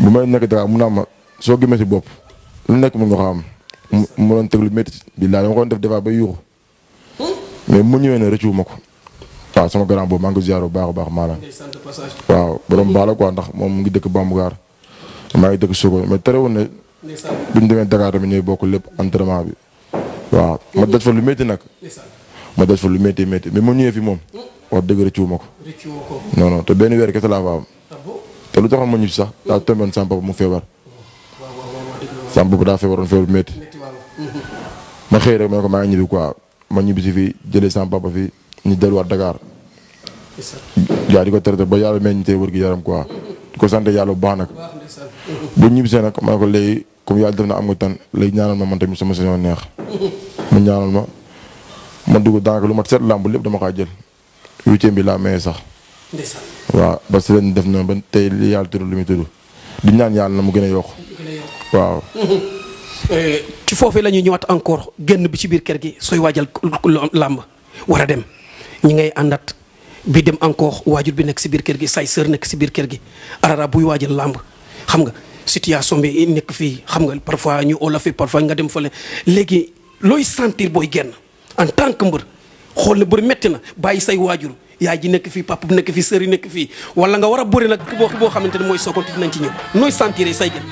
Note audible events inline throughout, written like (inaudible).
bu may nekk dara mun naa ma soo gëmee si bopp lu nekk mun nga ko am mu mu doon teg lu métti bi laa dama ko doon def defa ba yuuxu mais mu ñëwee ne rëccuwu ma ko waaw sama grand boobu maa ngi ko ziar bu baax a baax maanaam waaw borom baax la quoi ndax moom mu ngi dëkk Bambougar maa ngi dëkk Sokone mais terewul ne bu ñu demee Dakar tamit ñooy bokk lépp entraînement bi waaw ma daj fa lu métti nag ma daj fa lu métti métti mais mu ñëwee fi moom wax dëgg rëccuwu ma ko non non te benn weer kese laa fa am lu taxoon ma ñu sax daa tomboon sama mu feebar. sama papa daa feebaroon feebar bu métti. ma xëy rek ma ne ko maa ñibbi quoi ma ñibbisi si fii jëlee sama papa fii ñu delluwaat Dakar. yaa di ko traité ba yàlla meññ tey wër gi yaram quoi di ko sant yàlla bu baax nag. bu ñibbisee nag ma ne ko léegi comme yàlla def na am nga tan léegi ñaanal ma man tamit sama saison neex. mu ñaanal ma ma dugg daanaka lu ma set làmb lépp dama kaa jël huitième bi laa mayee sax. waaw parce que ren def na ba tey li yàlla lu muy tudd di ñaan yàlla na mu gën a yokk waaw (laughs) eh, ci foofee la ñuy ñëwaat encore génn bi ci biir kër gi sooy waajal làmb war a dem ñi ngay àndat bi dem encore waajur bi nekk si biir kër gi say sœur nekk si biir kër gi arara buy waajal làmb xam nga situation bi nekk fii xam nga parfois ñu oola fi parfois nga dem fële léegi looy sentir booy génn en tant que mbër xool na bëri metti na bàyyi say waajur yaay ji nekk fii papa nekk fii sëri nekk fii wala nga war a bëri nag boo boo xamante ne mooy sookonti dinañ ci ñëw nooy sentir say gën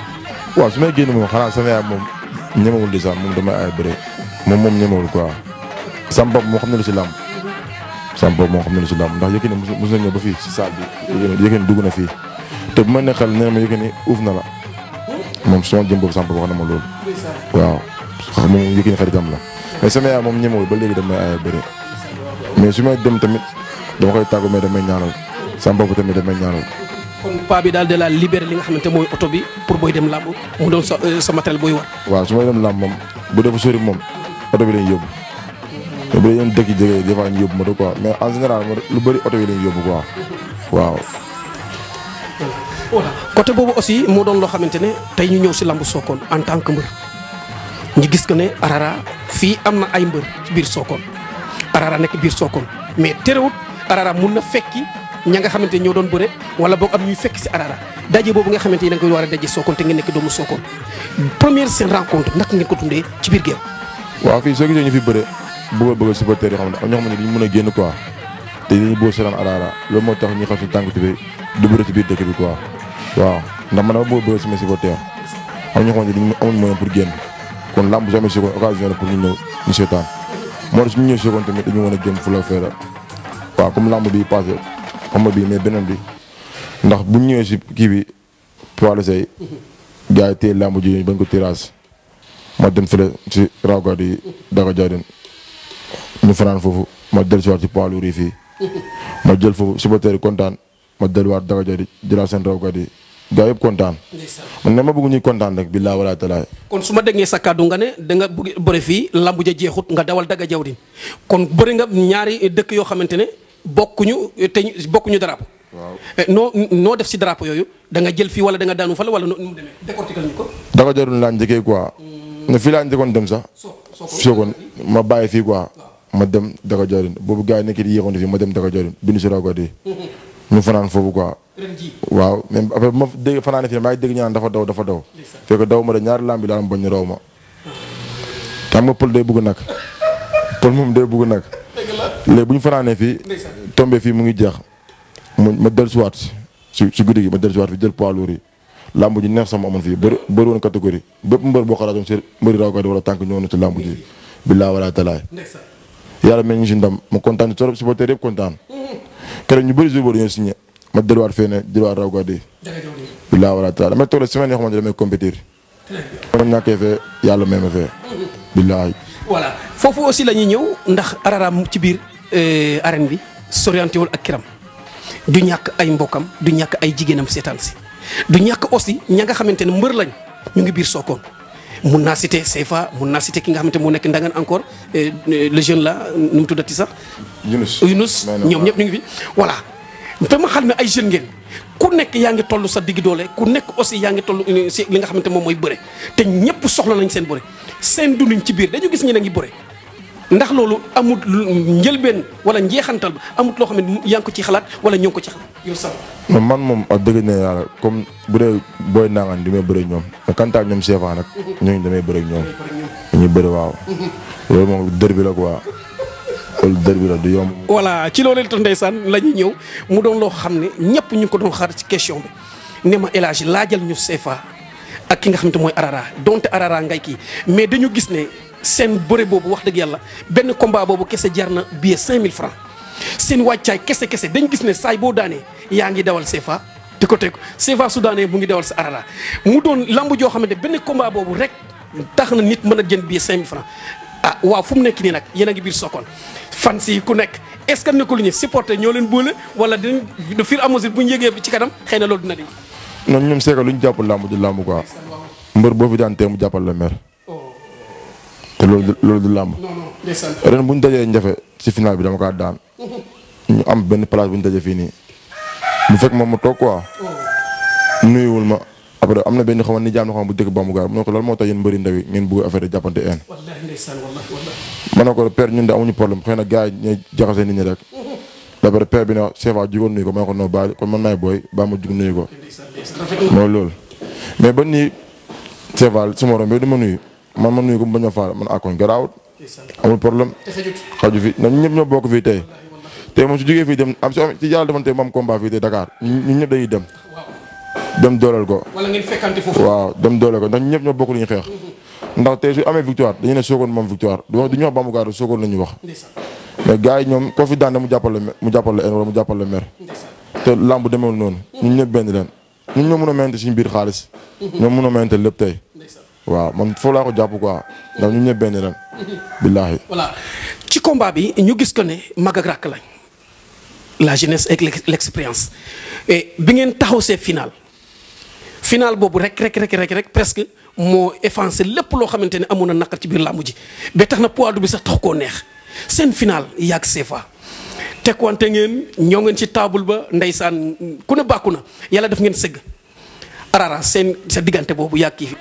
waaw su may génn moom xanaa sama moom ñemewul déjà moom damay ay bëri quoi sama bopp moo xam ne lu si làmb sama bopp moo xam ne si làmb ndax Yékini mos na ñëw ba fii si salle bi Yékini dugg na fii te bu ma neexal nee na ma Yékini uuf na la moom sama jëm boobu sama bopp wax na ma loolu waaw xam moom Yékini xaritam la mais sama yaay moom ñemewul ba léegi damay ay bëri mais su may dem tamit dama koy tàggu mais damay ñaanal sama bopp tamit damay ñaanal. paa bi daal de la libéré li nga xamante mooy oto bi pour booy dem làmb mu doon sa euh, sa booy war. waaw su may dem làmb moom bu dee fa sori moom oto bi lañ yóbbu. te bu dee yéen dëkk jege des fois ñu yóbbu lu bëri oto yi lañ yóbbu quoi boobu aussi moo doon loo xamante ne tey ñu ñëw si làmb Sokone en tant que mbër ñu gis que ne Arara fii am na ay mbër ci biir Sokone Arara nekk biir Sokone mais terewut. arara mun na fekki ña nga xamante ñoo doon bëre wala boog am ñuy fekk si arara daje boobu nga xamante ni da nga koy war a daje Sokone te nga nekk doomu Sokone première seen rencontre naka ngeen ko dundee ci biir géew. waaw fii soo gisee a bëgg supporters yoo a génn quoi te dañu seetaan arara loolu moo tax ñu xam si tànk bi du bëre ci biir dëkk bi quoi waaw ndax man dama bëgg bëgg sama supporters am ñoo xam ne dañu amul moyen pour génn kon lamb jamais Sokone occasion la pour ñu ñëw waaw comme lamb bi passé xam bii mais beneen bi ndax bu ñëwee si kii bi poids la say gars yi téye lamb ji bañ ko tirage ma dem fële si rawgad yi daka jaay den ñu fanaan foofu ma del siwaat si poids lu riif yi ma jël foofu supporters yi kontaan ma delluwaat daka jaay di jëlaat seen rawgad yi gaa yëpp kontaan. man na ma bëgg ñuy kontaan rek billaa wala talaay. kon su ma déggee sa kàddu nga ne da nga bëgg fii lambu ja jeexut nga dawal daga jawdin kon bëri dëkk yoo xamante ne bokkuñu eh, te bokkuñu drapeau. waaw eh, noo noo def si drapeau yooyu da nga jël fii wala danga nga daanu fa la wala nu mu demee décortiquer ñu ko. ko jarul laa njëkkee quoi. Hmm. ne fii laa njëkkoon dem sax. soogoon ma bàyyi fii quoi. ma dem Daga Joorin boobu gars yi nekk di yéexoon fii ma dem Daga Joorin bindu si ragoot yi. (laughs) ñu fanaan foofu quoi. waaw même après ma dégg fanaan fii maa ngi dégg dafa daw dafa daw. fekk daw ma de ñaari lamb bi daal ma bañ a raw ma. xam nga pël day bugg nag pël moom day bugg nag. léegi bu ñu fanaanee fii tombé fii mu ngi jeex mu ma dellusiwaat si si guddi gi ma dellusiwaat fi jël poids lourd yi làmb ji neex sama amoon fii bëri bëri woon catégorie bépp mbër boo xalaatoon si mbëri raw kay wala tànk ñëw ci làmb ji billaa wala yàlla mel ñu si ndam mu kontaan si trop supporter yëpp kontaan keroog ñu bëri jour boobu si signé ma delluwaat fee ne jëlwaat raw kay di billaa wala talaay damay toog semaine yoo xamante damay compétir ma ñàkkee fee yàlla may ma fee billaay voilà ñëw ndax araraam ci biir Euh, arène bi soriante ak kiram du ñàkk ay mbokkam du ñàkk ay jigéenam seetaan si du ñàkk aussi ña nga xamante ne mbër lañ ñu ngi biir Sokone mun naa cité CFA mun naa cité ki nga xamante mu nekk ndangan encore euh, euh, le jeune là nu mu tuddati sax. Yunus Yunus ñoom ñëpp ñu ngi fi te ma xam ne ay jeunes ngeen ku nekk yaa ngi toll sa digg doole ku nekk aussi yaa ngi toll si nga xamante moom mooy bëre te ñëpp soxla nañ seen bëre seen dunduñ ci biir dañu gis ñi a ngi bëre. ndax loolu amut njëlbeen wala njeexantal amut loo xam ne yaa ci xalaat wala ñëw ko ci xalaat yow man moom a dëgg ne yàlla comme bu dee booy di may bëri ñoom te ñoom seefaa nag ñooñu damay bëri ñoom dañuy bëri waaw loolu moom dër bi la bi du yomb. voilà ci loolu itam la ñuy ñëw mu doon loo xam ne ñëpp ñu ko doon xaar ci question bi ne ma El Hadj laajal ñu seefaa ak ki nga xam te mooy arara donte arara ngay kii mais dañu gis ne. seen bëre boobu wax dëgg yàlla benn combat boobu kese jar na billet 5000 francs seen wàccaay kese kese dañ gis ne saay boo daanee yaa ngi dawal CFA di ko teg CFA su daanee mu ngi dawal sa arara mu doon lamb joo xamante benn combat boobu rek tax na nit mën a jënd billet 5000 francs ah waaw fu mu nekk nii nag yéen a ngi biir Sokone fan si ku nekk est-ce que nekkul ñu supporter ñoo leen boole wala dinañ de fur et à mesure bu ñu yëgee ci kanam xëy na loolu dina di. ñoom ñoom Seck lu ñu jàppul làmb ji làmb quoi. mbër boo fi daan tee mu jàppal la mer. loolu du loolu du làmb. ren bu ñu dajee njafe si final bi dama kaa daan. (laughs) ñu am benn place bu ñu dajee fii nii. mu fekk moom mu toog quoi. Oh. nuyuwul ma après am na benn xaw ma ni jaam bu dëkk Bambou Gaar mu ne moo tax yéen mbëri ndaw yi ngeen bëgg affaire jàppante en. ma ne ko ñun de amuñu na gars yi ñooy jaxase nit ñi rek. d'après (laughs) père bi ne Chefa jugoon nuyu ko ma ne ko noo baal kon man maay booy baa ma jug nuyu ko. mooy lool mais ba nii Chefa su ma rombee du ma nuyu. man man nuyu ko bañ a faale man akoon garaawut amul problème xaju fi na ñëpp ñoo bokk fii tey te moom su jógee fii dem am si ci yàlla defoon moom combat fii tey Dakar ñu ñëpp dem dem dooleel ko wala ngeen fekkante foofu waaw dem dooleel ko ndax ñëpp ñoo bokk lu ñu xeex ndax te su amee victoire dañu ne soogoon moom victoire du wax du ñu wax Bamba soogoon la ñuy wax mais gaa yi ñoom koo fi mu jàppale mu jàppale mu jàppale mer te làmb demeewul noonu ñu ñëpp benn leen ñun ñoo mën a mayante suñu biir xaalis ñoo mën a mayante lépp tey waaw man foofu laa ko jàpp quoi ndax ñun ñëpp benn ren. billaahi. voilà ci combat bi ñu gis ko ne mag ak rakk lañ la jeunesse ak l' expérience bi ngeen taxaw see final final boobu rek rek rek rek rek presque moo effacé lépp loo xamante ne amoon na naqar ci biir làmb ji ba tax na poids bi sax tax koo neex seen final yàgg CFA. tekwante ngeen ñoo ngeen ci taabul ba ndeysaan ku ne bàkku na yàlla def ngeen sëgg. Arara seen sa diggante boobu yàgg kii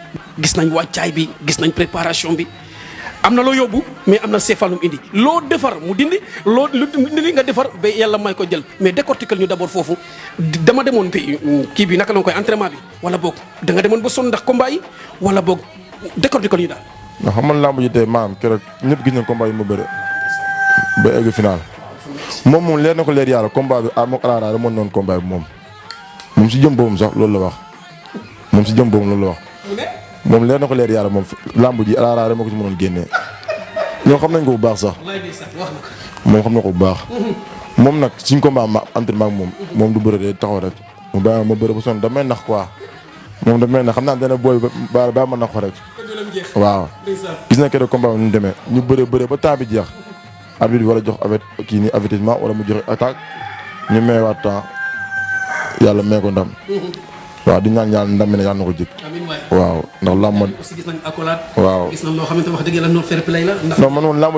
gis nañ wàccaay bi gis nañ préparation bi am na loo yóbbu mais am na seefal mu indi loo defar mu dindi loo lu dindi nga defar ba yàlla may ko jël mais décortiquer ñu d'abord foofu dama demoon bi kii bi naka la koy entraînement wala boog da nga demoon ba sonn ndax combat yi wala boog décortiquer ñu daal. ndax xam nga làmb ji tey maam keroog ñëpp gis nañ combat yi mu bëre ba egg final moom moom leer na ko leer yàlla combat bi ah moom Arara amoon noonu combat moom moom si jëm boobu sax loolu la wax. moom si jëm boobu loolu la wax moom leer na ko leer yàlla moom làmb ji alaaraare ma ko ci mënoon génnee ñoo xam nañ ko bu baax sax moom xam na ko bu baax mhm. moom nag suñ combat ma entraînement ak moom mhm. moom du bëre de taxaw rek mu bàyyi ma bëre ba sonn damay nax quoi moom damay nax xam naa dana booy ba baa man na ko rek waaw gis na keroog combat ñu demee ñu bëre bëre ba temps bi jeex arbitre bi war a jox avet kii nii avertissement wala mu joxe attaque ñu meewaat temps yàlla mee ko ndam mhm. waaw di ñaan ñaan ndam mi ne yàlla na ko jëkk waaw ndax làmb aussi gis nañ accolade waaw gis xamante moom làmb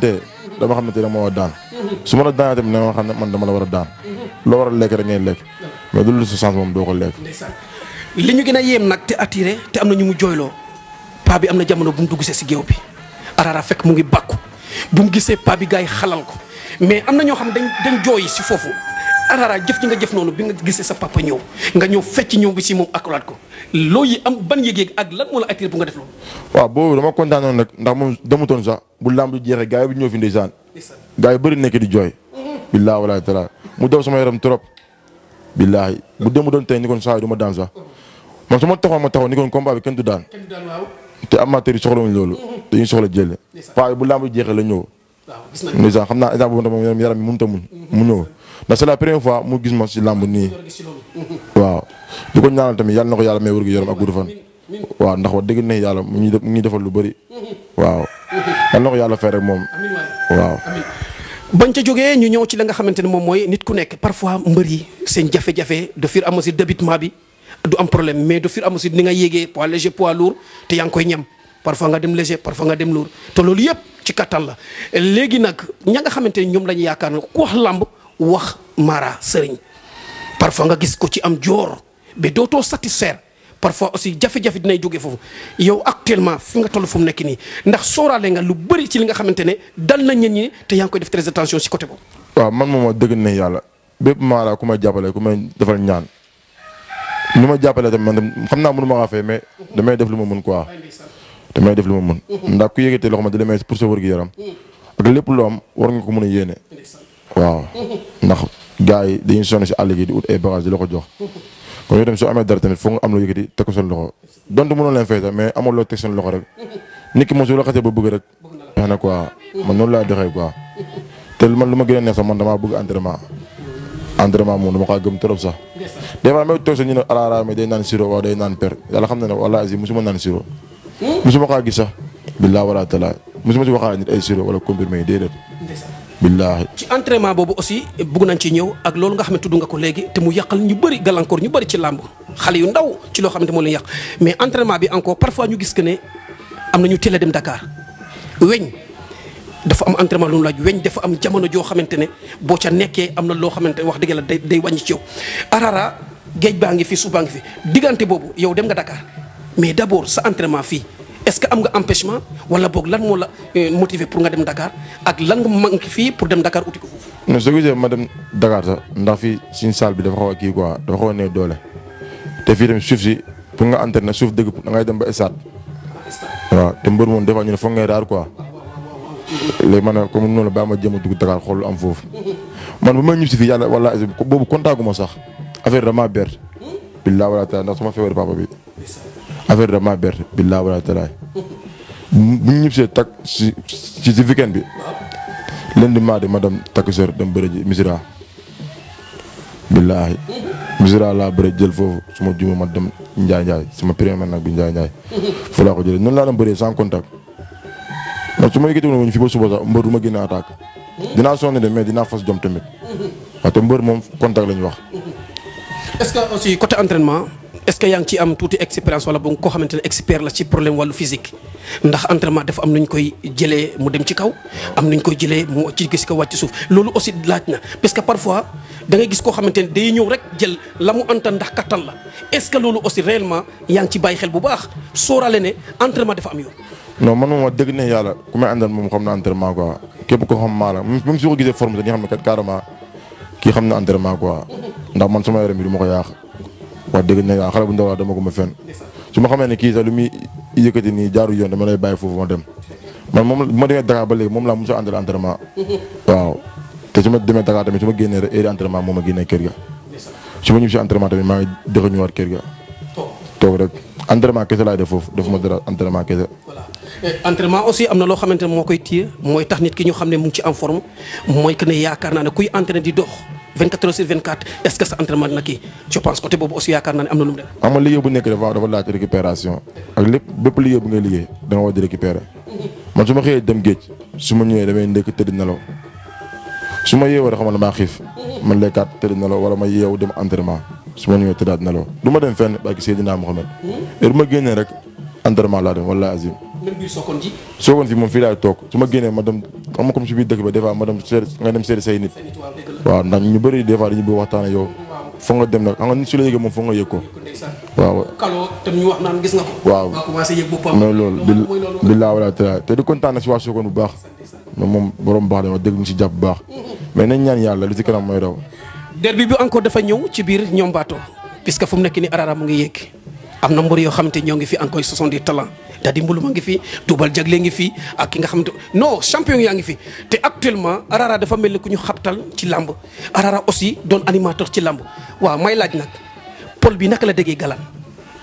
ne te a daan mhm. su ma la daanee xam ne man dama la war a daan mhm. loo war a lekk rek ngay lekk mais du lu sa chance doo ko lekk li ñu gën a yéem nag te attiré te am na ñu mu jooyloo paa bi am na jamono bu mu dugg see si géew bi araara fekk mu ngi bàkku bu mu gisee paa bi gars yi xalal ko mais am na ñoo xam dañ dañ jooyi si foofu arara jëf ji nga jëf noonu bi nga gisee sa papa ñëw nga ñëw fecc ñëw bi si moom akulaat ko loo yi am ban yëg-yëg ak lan moo la attiré waaw boobu dama kontaanoon nag ndax moom demutoon sax bu lamb di jeexee gars yi bu ñëw fi ndeysaan gars yi bëri nekk di jooy billaahi wallaahi taala mu daw sama yaram trop billaahi bu demu doon tey ni koon saa yi ma daan sax man su ma taxoon ma taxoon ni koon combat bi kenn du daan te amateur yi soxlawuñ loolu te mhm. ñu soxla jël paa bu lamb di jeexee la ñëw ndeysaan xam naa exemple boobu moom yaram yi mënut a muñ mhm. mu ñëw ndax c'est la première fois mu gis ma si làmb nii waaw di ko ñaanal tamit yàlla na ko yàlla may wér gu yaram ak gudd fan waaw ndax wax dëgg ne yàlla mu ñuy lu bëri waaw yàlla na ko yàlla fay moom waaw bañ jógee ñu ñëw ci la nga xamante ne moom mooy nit ku nekk parfois mbër yi seen jafe-jafe de fur et à bi du am problème mais de fur et à ni nga yéegee poids léger pois lourd te yaa ngi koy ñam parfois nga dem léger parfois nga dem lourd te loolu yëpp ci kattan la léegi nag ña nga xamante ne ñoom lañu yaakaar ne ku wax làmb wax mara sëriñ parfois nga gis ko ci am joor ba dootoo satisfaire parfois aussi jafe-jafe dinay jóge foofu yow actuellement fi nga toll fu mu nekk nii ndax sóoraale nga lu bëri ci li nga xamante ne dal na ñen ñi te yaa ngi koy def très attention si côté boobu. waaw man moom dëgg na yàlla bépp mara ku may jàppale ku may defal ñaan nu ma jàppalee tamit man xam naa mënu ma kaa mais damay def lu ma mën quoi damay def lu ma mën. Mm-hmm. ndax ku yëgatee loo xamante ne damay pour sa wër gi yaram. lépp loo am ko mën a yéene. waaw ndax gars yi dañuy sonn si àll gi di ut ay bagage di la ko jox kon yow tamit soo amee dara tamit foog nga am lu yëkkati teg seen loxo donte mënoon leen fay sax mais loo teg seen loxo rek nit ki moom su la xasee ba bëgg rek wax na quoi man noonu laa doxee quoi te man lu ma gën a neex sax man damaa bëgg entraînement entraînement moom dama kaa gëm trop sax des fois may toog sax ñu ne alaara ah mais day naan siro waaw day naan per yàlla xam na ne wala asi musuma naan siro musuma kaa gis sax billaa wala talaa musuma si waxaa ay siro wala confirmé yi déedéet ci entraînement boobu aussi bugg nañ ci ñëw ak loolu nga xam ne tudd nga ko léegi te mu yàqal ñu bëri gàllankoor ñu bëri ci làmb xale yu ndaw ci loo xamante moo leen yàq mais entraînement bi encore parfois ñu gis que ne am na ñu teel a dem Dakar weñ dafa am entraînement lu mu laaj weñ dafa am jamono joo xamante ne boo ca nekkee am na loo xamante ne wax dëgg la day day wàññi ci yow. Arara géej baa ngi fi suuf baa ngi fi diggante boobu yow dem nga dakaar mais d'abord sa entraînement fii. est-ce que am nga empêchement wala boog lan moo la euh, motivé pour nga dem Dakar ak lan nga manqué fii pour dem Dakar uti ko ma dem Dakar sax ndax fii suñu salle bi dafa xaw a kii quoi dafa xaw a néew doole te fii tamit suuf si pour nga entraîner suuf dëgg da ngay dem ba stade waaw te mbër moom des fois ñu ne foog ngay raar quoi léegi man comme noonu la baa ma jéem a dugg Dakar xool am foofu man bu may ñib si fii yàlla wala boobu kontaaguma sax affaire dama ber billaa wala taala papa bi. affaire bi damaa berte billaa wala talaay bu ñu takk si si si bi lundi mardi ma dem takk sër dem bëre jël foofu su ma juma ma dem njaay njaay sama premier nag bi njaay njaay fu laa ko jëlee noonu laa dem bëree sans contact ndax su ma yëkkati woon fi ba suba sax mbër du ma génne attaque dinaa sonn de mais dinaa fas jom tamit waaye te mbër moom contact la wax. est-ce que yaa ngi ci am tuuti expérience wala boog koo xamante ne expert la ci problème wàllu physique ndax entraînement dafa am nu ñu koy jëlee mu dem ci kaw am nu ñu koy jëlee mu ci gis ko wàcc suuf loolu aussi laaj na parce que parfois da ngay gis koo xamante ne day ñëw rek jël la mu antan ndax kattan la est-ce que loolu aussi réellement yaa ngi ci bàyyi xel bu baax sóoraale ne entraînement dafa am yoon. non man moom yàlla ku may àndal moom xam na entraînement quoi képp ko xam maa la même su gisee forme dañuy xam ne ndax man sama yaram bi du ko yaax wax dëgg ne xale bu ndaw laa dama ko ma fenn su ne kii sax lu muy yëkkati nii jaarul yoon dama lay bàyyi foofu ma dem man moom bu demee Dakar ba léegi moom laa mos a àndal entraînement (laughs) waaw te demee Dakar tamit su ma génnee heure entraînement moom a génnee kër ga su ma ñëw si maa ngi dëkk ñëwaat kër ga toog rek entraînement kese laay def foofu defuma dara entraînement kese entraînement aussi am na loo xamante ne moo koy téye mooy tax nit ki ñu xam ne mu ngi ci en mooy que ne yaakaar naa ne kuy entraîné di dox 24 heures sur 24 est ce que sa entraînement dina kii je pense côté boobu aussi yaakaar naa ne lu mu liggéey bu nekk dafa dafa laaj récupération ak lépp bépp liggéey bu ngay liggéey da nga war di su ma xëyee dem géej su ma ñëwee damay ndekk tëdd nelaw su ma yeewoo rek xam nga maa xiif man lekkaat tëdd nelaw wala ma yeewu dem entraînement su ma ñëwee tëddaat nelaw du ma dem fenn barki Seydina Mohamed heure bu ma génnee rek entraînement laa dem wala azim même biir Sokone ji. Sokone ji moom fii laay toog su ma génnee ma dem xam nga comme si biir dëkk ba des fois ma dem seet say nit. waaw ndax ñu bari des fois dañuy bëgg waxtaan ak yow. foog nga dem nag xam nga su la nga yëg ko. waaw. kaloo waaw maa commencé yëg boppam. mais loolu laa wala te di kontaan si waa Sokone baax. mais moom borom baax dama dégg ñu si jàpp bu baax. Mm-hmm. mais nañ ñaan yàlla lu si kanam mooy raw. derby bi encore dafa ñëw ci biir ñoom Bato puisque fu mu nekk ni Arara mu na mbër yoo xam te ñoo ngi fi encore ce sont Dadi Mbuluma ngi fi Toubal Jagle ngi fi ak ki nga xam te non champion yaa ngi fi te actuellement Arara dafa mel ni ku ñu xabtal ci làmb Arara aussi doon animateur ci làmb waaw may laaj nag pol bi naka la déggee galaan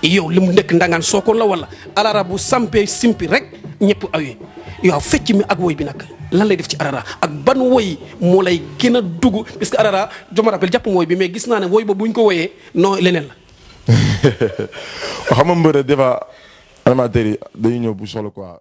yow li mu nekk ndangaan sookoon la wala Arara bu sampee simpi rek ñëpp awee yow fecc mi ak woy bi nag lan lay def ci Arara ak ban woy moo lay gën a dugg parce que Arara je me rappelle woy bi mais gis naa ne woy ba bu ñu ko woyee non leneen la. (laughs) xam nga mbër animateurs yi dañuy ñëw bu solo quoi.